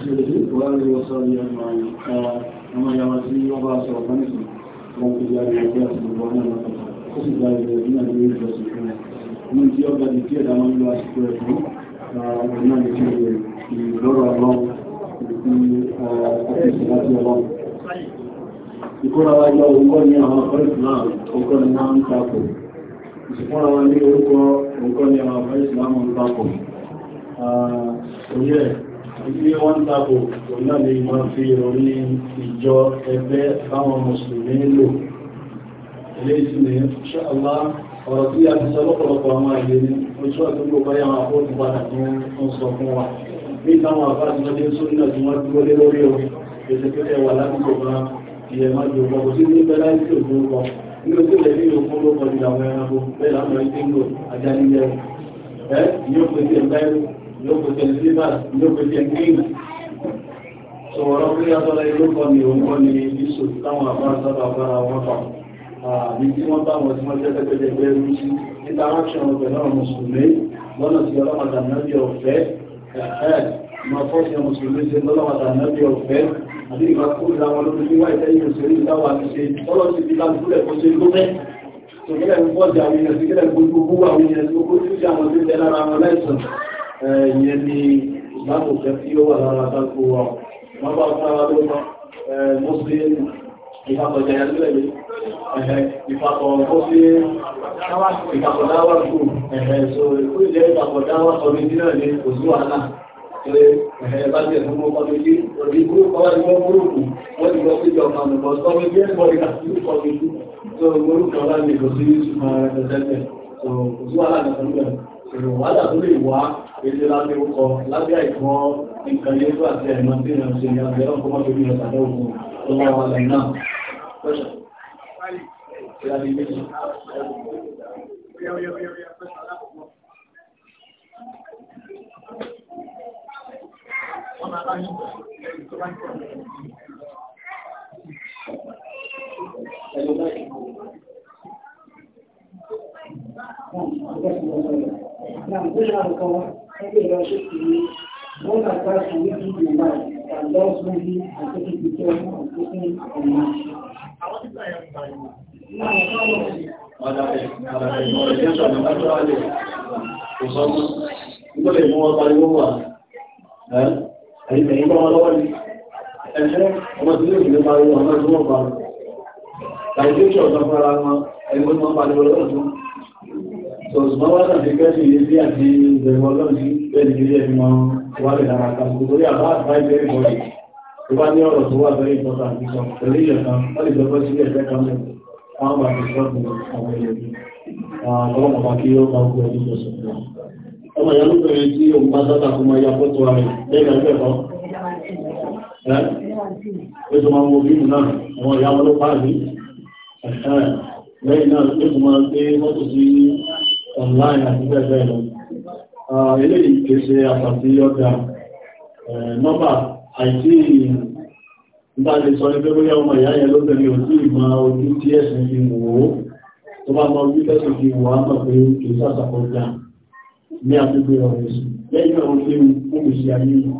Ìkọ́ra wa yọ orúkọ ní àwọn ọ̀pọ̀ ìsìláàmù, orúkọ ni wọ́n ń tapò. Ìsìnkọ́ra wa ní orúkọ orúkọ ní àwọn ọ̀pọ̀ ìsìláàmù ń tapò. Orí ẹ̀, ilé wọ́n tàbò ọ̀nà lè máa fi orí ìjọ ẹgbẹ́ àwọn mùsùlùmí lò ilé ìsinmi ṣọ́ọ̀lá ọ̀rọ̀ tí a ti sọ lọ́pọ̀lọpọ̀ àwọn àyè ní oṣù àtúgbò báyà àwọn àpótù padà tí wọ́n sọ fún wa ní táwọn àfáàtìmọ́dé sónà tí wọ́n dúró lé lórí o èsì pípẹ́ wà lábúkọ̀ bá ìyẹ̀ má jò pọ̀ kò sí ní bẹ́lá ìsì òkúrúkọ ní oṣù lè ní òkúrúkọ ìlàwọ̀ ẹranko lókòtẹ̀ síbàs lókòtẹ̀ kíìmù sọ̀rọ̀ pé àtọ́lá ilé kọ́ ni òun kọ́ ni iṣò táwọn àbára sábà bára wọn pa àbí tí wọ́n táwọn tí wọ́n jẹ́ pẹ́pẹ́jẹgbẹ́ rúṣí interaction pẹ̀lú àwọn mùsùlùmí lọ́nà tí ọlọ́mọdà náàbí ọ̀fẹ́ ẹ̀ẹ́ ma fọ́sí àwọn mùsùlùmí sí ọlọ́mọdà náàbí ọ̀fẹ́ àbí ìgbà kúrò láwọn lórí wíwá ìtẹ́ ìrìnsẹ̀rí ìtawà àti ṣe ọlọ́sí ti láti kúrẹ̀ kó ṣe lóbẹ́ tòkílẹ̀ ń pọ́jà àwọn èèyàn sí kílẹ̀ gbogbo àwọn èèyàn sí gbogbo tí ó jẹ́ àwọn tí ó jẹ́ ìyẹn ni ìbámu jẹ́ tí ó wà lára sáko wa wọ́n bá sára ló mọ́ muslim ìfàkọ̀ jẹ́yàlúwẹ̀lẹ́ ìfàkọ̀ muslim ìfàkọ̀ dáwà kù so ìkú ìjẹ́ ìfàkọ̀ dáwà kọmìtì náà ní kò sí wàhálà Ẹ̀bá jẹ́ fún ọmọ kọmìtì, òbí gúrù kọwàá ìwọ̀n gúrùkù, wọ́n ti lọ sí ìjọ ọmọ ọmọ kọmìtì ẹgbọ́n ìgbàtí ó kọmìtì, tó gúrùkù ọlá ní kò sí ìṣùgbọ́n ẹgbẹ̀ẹ́gbẹ̀, tó kò sí wàhálà èdè lábẹ́ ọkọ̀ lábẹ́ àìkọ́ nǹkan yóò tó àti àìmọ́ tí ìrìn àti ìrìn àti ọkọ̀ mọ́tò ní ọ̀sán lọ́wọ́ tó wọ́n wà lẹ́yìn náà Thank you. Every worship to you, one that has to live in your life, that loves me and taking the care of taking the match. I want to try everybody. No, no, no. Ọ̀dà Sọ̀tùmọ́ wá tàbí kẹ́sì ilé sí àti ìbẹ̀rù ọlọ́run sí bẹ́ẹ̀ni ilé ẹni mọ́ wà lè dára kan kò lórí àbá àbáyé bẹ́ẹ̀ bọ́ọ̀lì. Tó bá ní ọ̀rọ̀ tó wà bẹ́ẹ̀ ìtọ́ta àti sọ pẹ̀lú ìyọ̀kan, wọ́n lè sọ́kọ́ sílẹ̀ ẹgbẹ́ kan lẹ̀. Wọ́n bá ti sọ́ọ̀tù àwọn ilẹ̀ yìí. Àwọn ọmọ kí ó máa gbọ́ ẹni sọ̀sọ̀ fún wọn. Ọmọ ìyá lóbìnrin tí òun bá sọ́tà kó máa ya fọ́tò rẹ̀ lẹ́yìn ẹgbẹ́ kan. Ẹ́ tó máa wo bímù náà, àwọn ìyá wọn ló pàdé. Lẹ́yìn náà, ó tún máa gbé mọ́tò sí online àti bẹ́ẹ̀ lọ. Eléyìí kìí ṣe àpàtí ọjà nọ́mbà àìsí ìgbà lè sọ ní pé bóyá ọmọ ìyá yẹn lóbìnrin ò sí ìmọ̀ ojú tí ẹ̀sìn fi wò ó tó bá mọ ojú tẹ́sìn fi wò á mọ̀ pé kìí sàṣàkọ̀ ọjà ní àgbègbè ọ̀rọ̀ èsì lẹ́yìn àwọn ilé ìfúnmùsí ayé ìlú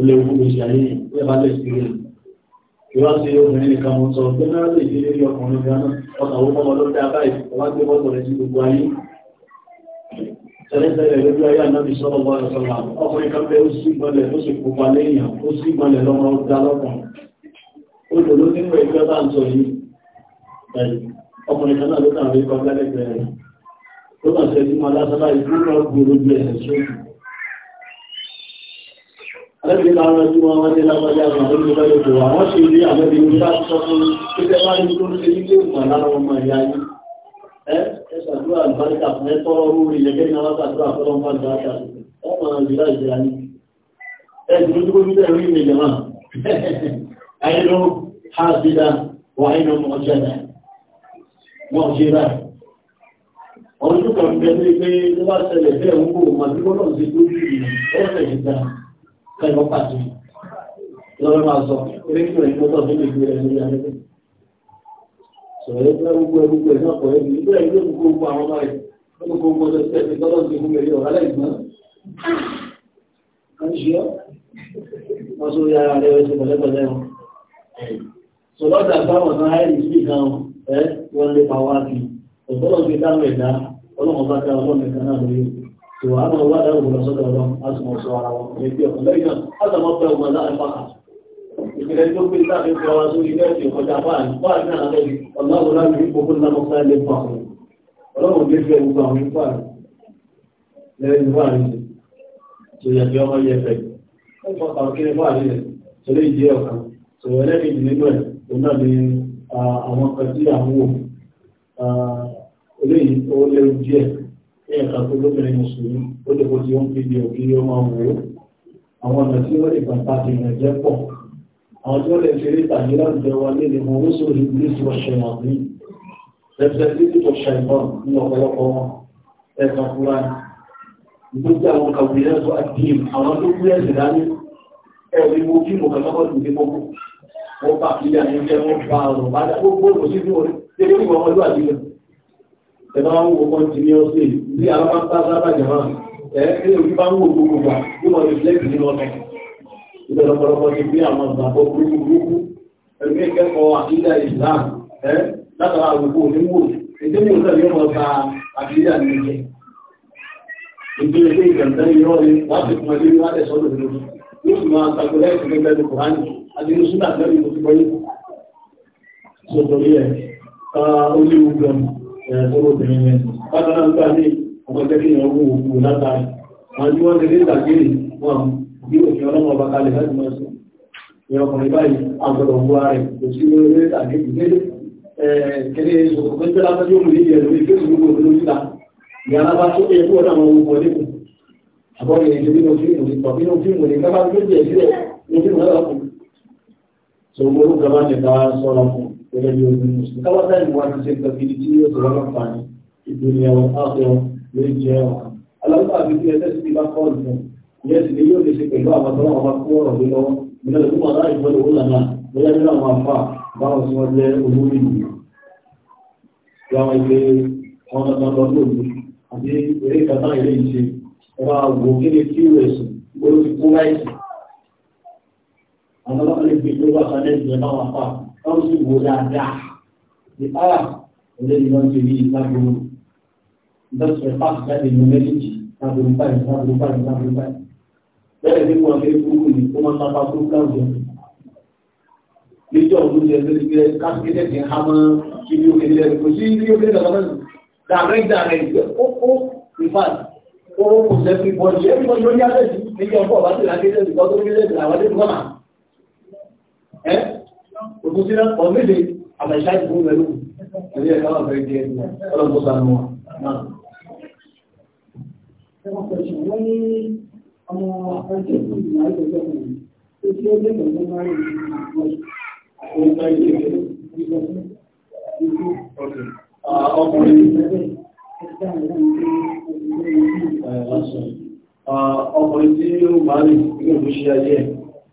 ilé ìfúnmùsí ayé ìlú ẹ̀bá lè sí ìlú ìwáṣe obìnrin nìkan mọ́ sọ pé náà lè délé ní ọkùnrin gánà ọkàwó mọ́mọ́ ló dá báyìí ọwá gbé bọ́tọ̀ rẹ̀ sí gbogbo ayé tẹ́lẹ̀tẹ́lẹ̀ lójú ayé ànábì sọ́rọ̀ bọ́ ẹ̀sọ́lá ọkùnrin kan bẹ́ ó sì gbọ́lẹ̀ ó sì pupa lẹ́yìn ó sì gbọ́lẹ̀ lọ́mọ dá lọ́kàn ó lò ló nípa ìgbẹ́ bá ń sọ yìí ọkùnrin kan náà ló kàn rí kọ́ lẹ́lẹ́gbẹ̀ẹ́ rẹ̀ ló kàn sẹ́yìn mọ́ lásán láì fún ọgbọ̀n lójú àtẹ́bí láwọn ẹjú wọn wọ́n dé lágbàjá àwọn àwọn olùgbẹ́lẹ̀ tó wà wọ́n ṣe rí àtẹ́bí ní bá sọ fún títẹ́ bá ní tó ń ṣe nílé ìmọ̀ lára ọmọ ìyá yìí ẹ ẹ ṣàdúrà àlùbáríkà fún ẹ tọrọ rú rí lẹgẹ ní àwọn ṣàdúrà fọlọ máa dá àṣà wọn máa rí láì jẹ ayé ẹ ti dúró ní ẹrú ọdún kan bẹ́ẹ̀ pé ló bá ṣẹlẹ̀ bẹ́ẹ̀ ń kó màdúgbọ́n náà ti dúró kẹ́lẹ́ pàdé lọ́wọ́ máa sọ eré kí wọ́n tó tọ̀ ìlú rẹ̀ lórí alẹ́ sọ̀rọ̀ ẹgbẹ́ gbogbo ẹ gbogbo ẹ náà kọ̀ ẹbí ìgbẹ́ ìlú gbogbo àwọn ọmọ rẹ̀ gbogbo gbogbo ọjọ́ sí ẹgbẹ́ tọ́lọ́ sí gbogbo ẹ̀yọ ọ̀rẹ́ ìgbọ́n kan wọ́n sọ ya ara rẹ̀ ṣe pẹ̀lẹ́pẹ̀lẹ́ wọn sọ̀rọ̀ ọ̀dà báwọn náà ẹ̀rì sí kan ẹ wọ́n lé pa wá bí ọ̀tọ́lọ́ dáhùn ẹ̀dá ọlọ́mọ ìwà àmà wà lẹ́rù lọ sọ́dọ̀ ọlọ́run láti mọ̀ sọ ara wọn ẹgbẹ́ ọ̀pọ̀ lẹ́yìn náà láti mọ̀ fẹ́ ọmọ láì pàkà ìpìlẹ̀ tó pé láti fi ọwá sórí ilé ẹ̀sìn kọjá báyìí báyìí náà lẹ́yìn ọlọ́run láti rí gbogbo ńlá mọ́ta ilé pàkó ọlọ́run lè fẹ́ gbogbo àwọn ipá rẹ̀ lẹ́yìn báyìí tó yẹ kí ọmọ yẹ fẹ́ ọkọ̀ kàkiri báyìí rẹ̀ tó lè jẹ́ ọ̀kan tó yẹ lẹ́yìn nínú ẹ̀ tó náà ní àwọn kan tí àwọn wò eléyìí ní ẹ̀ka tó lóbìnrin mùsùlùmí ó lè kó tí ó ń fi di òkiri ó máa wò ó àwọn ọ̀nà tí ó lè bàbá ti rìn jẹ́ pọ̀ àwọn tí ó lè fi rí tàbí láwùjọ wa lé ní wọn ó sì rí bí sí ọ̀ṣẹ̀ wọn ní ẹsẹ̀ tí ó ṣe ìbọn ní ọ̀pọ̀lọpọ̀ wọn ẹ̀ka fúra ìgbésí àwọn kàwé ẹ̀sọ́ àdìm àwọn tó kú ẹ̀sìn dání ẹ̀rí wọ́n bá ọ̀rọ̀ bá dá gbogbo òṣìṣẹ́ wọn tẹ́lẹ̀ ìwọ̀n ọlọ́àdìyàn ẹ̀bá wọn wò kọ́ntínúọ́sì bí alábàtà sábà jẹ̀má ẹ̀ ẹ́ òbí bá ń wò gbogbo gbà bí wọ́n ti flex nínú ọ̀tọ̀ ìbẹ̀ lọ́pọ̀lọpọ̀ ti bí àwọn ìgbàgbọ́ gbogbo gbogbo ẹ̀mí ìkẹ́kọ̀ọ́ àkídà Islam ẹ̀ látara àwòkọ́ oníwò ètò ní òṣèlú yóò mọ̀ ta àkídà ní ìjẹ́ ìgbìyànjú pé ìgbàgbọ́ irọ́ ni wọ́n ti fún ẹgbẹ́ wọ́n tẹ̀sọ́ lòdì lòdì yóò sì máa tako lẹ́sìn gẹ́gẹ́ bí Kùránì àti ẹ̀ẹ́dọ́gbọ̀bìnrin yẹn bákan náà gbà ní ọmọ jẹ́ kí èèyàn wú òkú látàrí wọn ni wọ́n ti rí ìtàgéèrè wọn bí òfin ọlọ́mọ bá kalẹ̀ láti máa sọ ìyẹn ọkùnrin báyìí àgbọ̀dọ̀ ń wá rẹ̀ kò sí lórí ìtàgéèrè nílé kẹ́lẹ́ ìṣòkò pé tẹ́lá tó yóò rí ìyẹn lórí fésìbúkù olóríta ìyára bá tó ẹkú ọ̀nà àwọn ohun ọdún kù àbọ̀rẹ̀ èdè nínú fíìmù ní pàbí nínú gẹ́gẹ́ bí omi mùsùlùmí káwọ́tà ìwà ti ṣe gbàgede tí yóò sọ̀rọ̀ lọ́fààní ìdúnyà ọ̀tọ̀ ló jẹ́ ọ̀kan. aláwọ̀ àbí tí ẹsẹ̀ ti bá kọ́ọ̀lù fún ìyẹn sì ni yóò lè ṣe pẹ̀lú àwọn tó wọn bá kó ọ̀rọ̀ mi lọ́wọ́ ìgbà tó wọn láì gbọ́dọ̀ owó lànà bóyá nínú àwọn afá báwọn tí wọ́n jẹ́ olórí ìlú. ìyáwó ilé àwọn ọ̀nà lọ́dún òní àbí eré kàtà ilé ìṣe ẹ̀rọ àwò kéde qs gbọ́dọ̀ ti kó láìsí. àwọn ọlọ́pàá lè gbé gbé wákàtí ẹ̀ wọ́n sì wò dáadáa ní ara ẹlẹ́ni wọ́n ti rí ìtàgbọ́n ìdọ́sọ̀rọ̀ pàṣẹ jáde ní méjì ìtàgbọ́n báyìí ìtàgbọ́n báyìí ìtàgbọ́n báyìí bẹ́ẹ̀ ni wọ́n lé kúrú ní kó máa sábà tó káwé níjọ́ òun ṣe lórí pé káṣíkẹ́tẹ̀ ti há mọ́ kí ní òkè nílẹ̀ kò sí ní òkè nílẹ̀ lọ́wọ́ direct direct ó òkúsílẹ̀ ọ̀mẹ́lẹ̀ àmàṣà ìfún mẹ́lú ilé ẹ̀ká wà fẹ́ jẹ́ ọlọ́pọ̀ sanu wa. Ah, ọkùnrin tí ó máa rí ìgbìmọ̀ ṣe ayé ẹ̀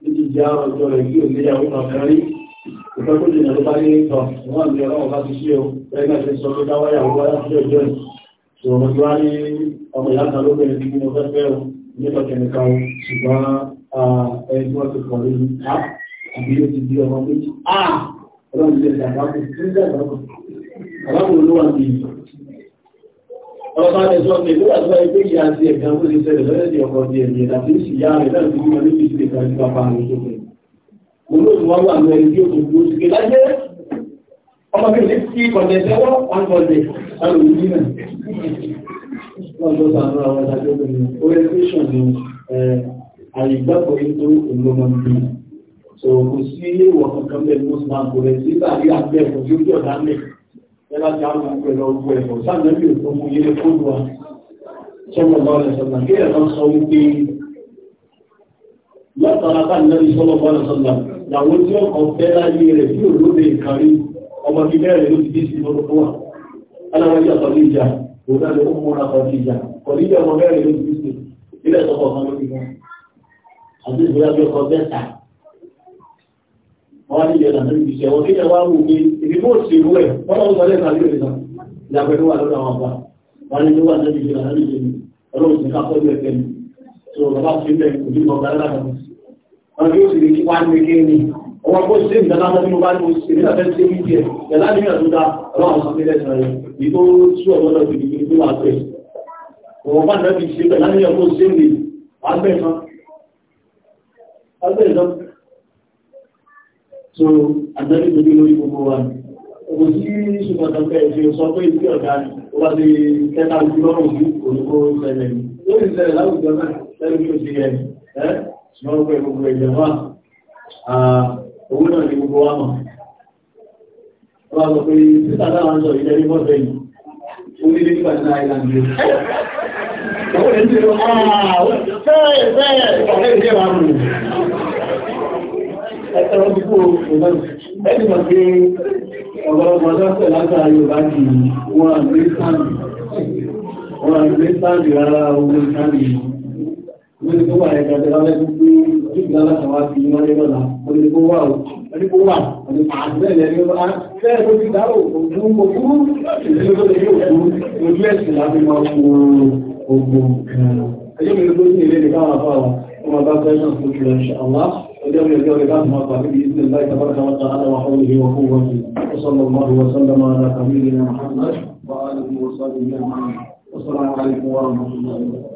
ní ti ọjọ́ rẹ̀ kí ò léyàwó kan Ìkan tó jìnà ló bá ní ìtọ̀, wọ́n ni ọlọ́wọ́ bá ti ṣí o, ẹgbẹ́ ṣe sọ pé káwáyà wọ́n wáyá sí ọjọ́ ẹ̀. Ṣòro tí wá ní ọmọ ìyá kan lóbìnrin tí mo fẹ́ fẹ́ o, nípa kẹ̀míkà o, ṣùgbọ́n ẹni wọ́n ti pọ̀ lórí á, àbí ó ti di ọmọ méjì. Á! Ọlọ́run ti ṣe àbábò, kí ń jẹ́ àbábò? Àbábò ló wà ní ìlú. Ọba ti sọ pé nígbà tó ẹgbẹ́ ìyá àti ẹ̀gbẹ́ ó ti ṣẹlẹ̀ lọ́lẹ́dì ọkọ̀ di ẹ̀mí ẹ̀dà tí ó sì yá rẹ̀ láti bí wọn níbi ìṣẹ̀lẹ̀ kan ní bàbá àwọn ìṣòkè olóòtú wọn wà ní ẹni tí òkú tó ti ké lájẹ́ ọmọ bí ní sí kọ̀dẹ̀ẹ́sẹ́wọ́ wọn kọ̀dẹ̀ àwọn òní náà wọ́n tó sàánú àwọn ìdájọ́ obìnrin so kò sí ìwọ̀ kankan bẹ́ẹ̀ most man kò rẹ̀ sí sàrí àgbẹ̀ ẹ̀kọ́ tí ó jẹ́ ọ̀dá mẹ́ yẹ́lá ti àwọn ọmọ pẹ̀lú ọgbọ́ ẹ̀kọ́ sáàmì ẹ̀bí òkú mú yẹ́lẹ́ fóònù wa sọ́mọ̀ làwọn tí ọkọ̀ fẹ́ láyé rẹ̀ tí òlóde ìkàrí ọmọ bí mẹ́rin ló ti dé sí lọ́dún fún wa aláwọ̀dí àkọlíjà òun náà ló ń mú ra kọlíjà kọlíjà ọmọ mẹ́rin ló ti dé sí ilé ìtọ́kọ̀ kan lórí wọn àti ìgbéra bí ọkọ̀ mẹ́ta wọn á níjẹ̀ lànà ibi iṣẹ́ wọn kí ẹ wá wù pé èmi mò sí ìlú ẹ̀ wọn náà sọ lẹ́ka lórí ìlànà ìlàpẹ̀ ló wà lọ́dọ̀ àwọn àbá wọn ní ló ọ̀nà yóò sì lè kí wá ní kí ni ọmọ kó sí ìgbà láti ọdún bá ní oṣù ní ọ̀fẹ́ sí ní tiẹ̀ yàrá ní ọdún dá ọlọ́run sọ nílẹ̀ sọ rẹ̀ ní tó sú ọ̀dọ́ lọ sí ìdíje tó wà pẹ́ ọmọ bá nà fi ṣe pẹ̀lá ní ọkọ̀ sí ní agbẹ́ kan agbẹ́ kan so àdáni ní lórí gbogbo wa kò tó fẹ́ ṣe ni ó bá ti kẹta ojú lọ́rùn sí òyìnbó ṣẹlẹ̀ lórí ìṣẹ̀lẹ̀ láwùjọ náà lẹ́nu bí ó ṣe yẹ ṣùgbọ́n pẹ̀ gbogbo ẹ̀jẹ̀ wà owó náà ní gbogbo wa mọ̀ wọ́n sọ pé títà dáwà ń sọ ìjẹ́ ní bọ́sẹ̀ yìí ó nílé nígbà ní àìlànà Owó rẹ̀ ń tẹ́lọ ààrùn fẹ́ẹ̀ fẹ́ẹ̀ ọ̀rẹ́ ìdí ẹ̀wà rùn. Ẹ̀tẹ̀rọ̀ bí kó ọ̀gbọ̀n ẹni lórí tó wà ẹ̀ka tẹ́lá lẹ́kùn pé ojúgbà láti wá sí iná lẹ́gbọ́n náà wọ́n lè kó wà ó ẹni kó wà àti àtìlẹ́ lẹ́gbẹ́ bá fẹ́ẹ̀ tó ti dárò òkú òkú ìlú tó lè yóò kú ojú ẹ̀sìn láti máa kú ogun ẹjọ́ mi ló ní ilé nìkan wà fáwọn وما بعد ذلك نذكر إن شاء الله اليوم يرجع لبعض ما قال بإذن الله تبارك وتعالى وحوله وقوته وصلى الله وسلم على نبينا محمد وآله وصحبه أجمعين والسلام عليكم ورحمة الله وبركاته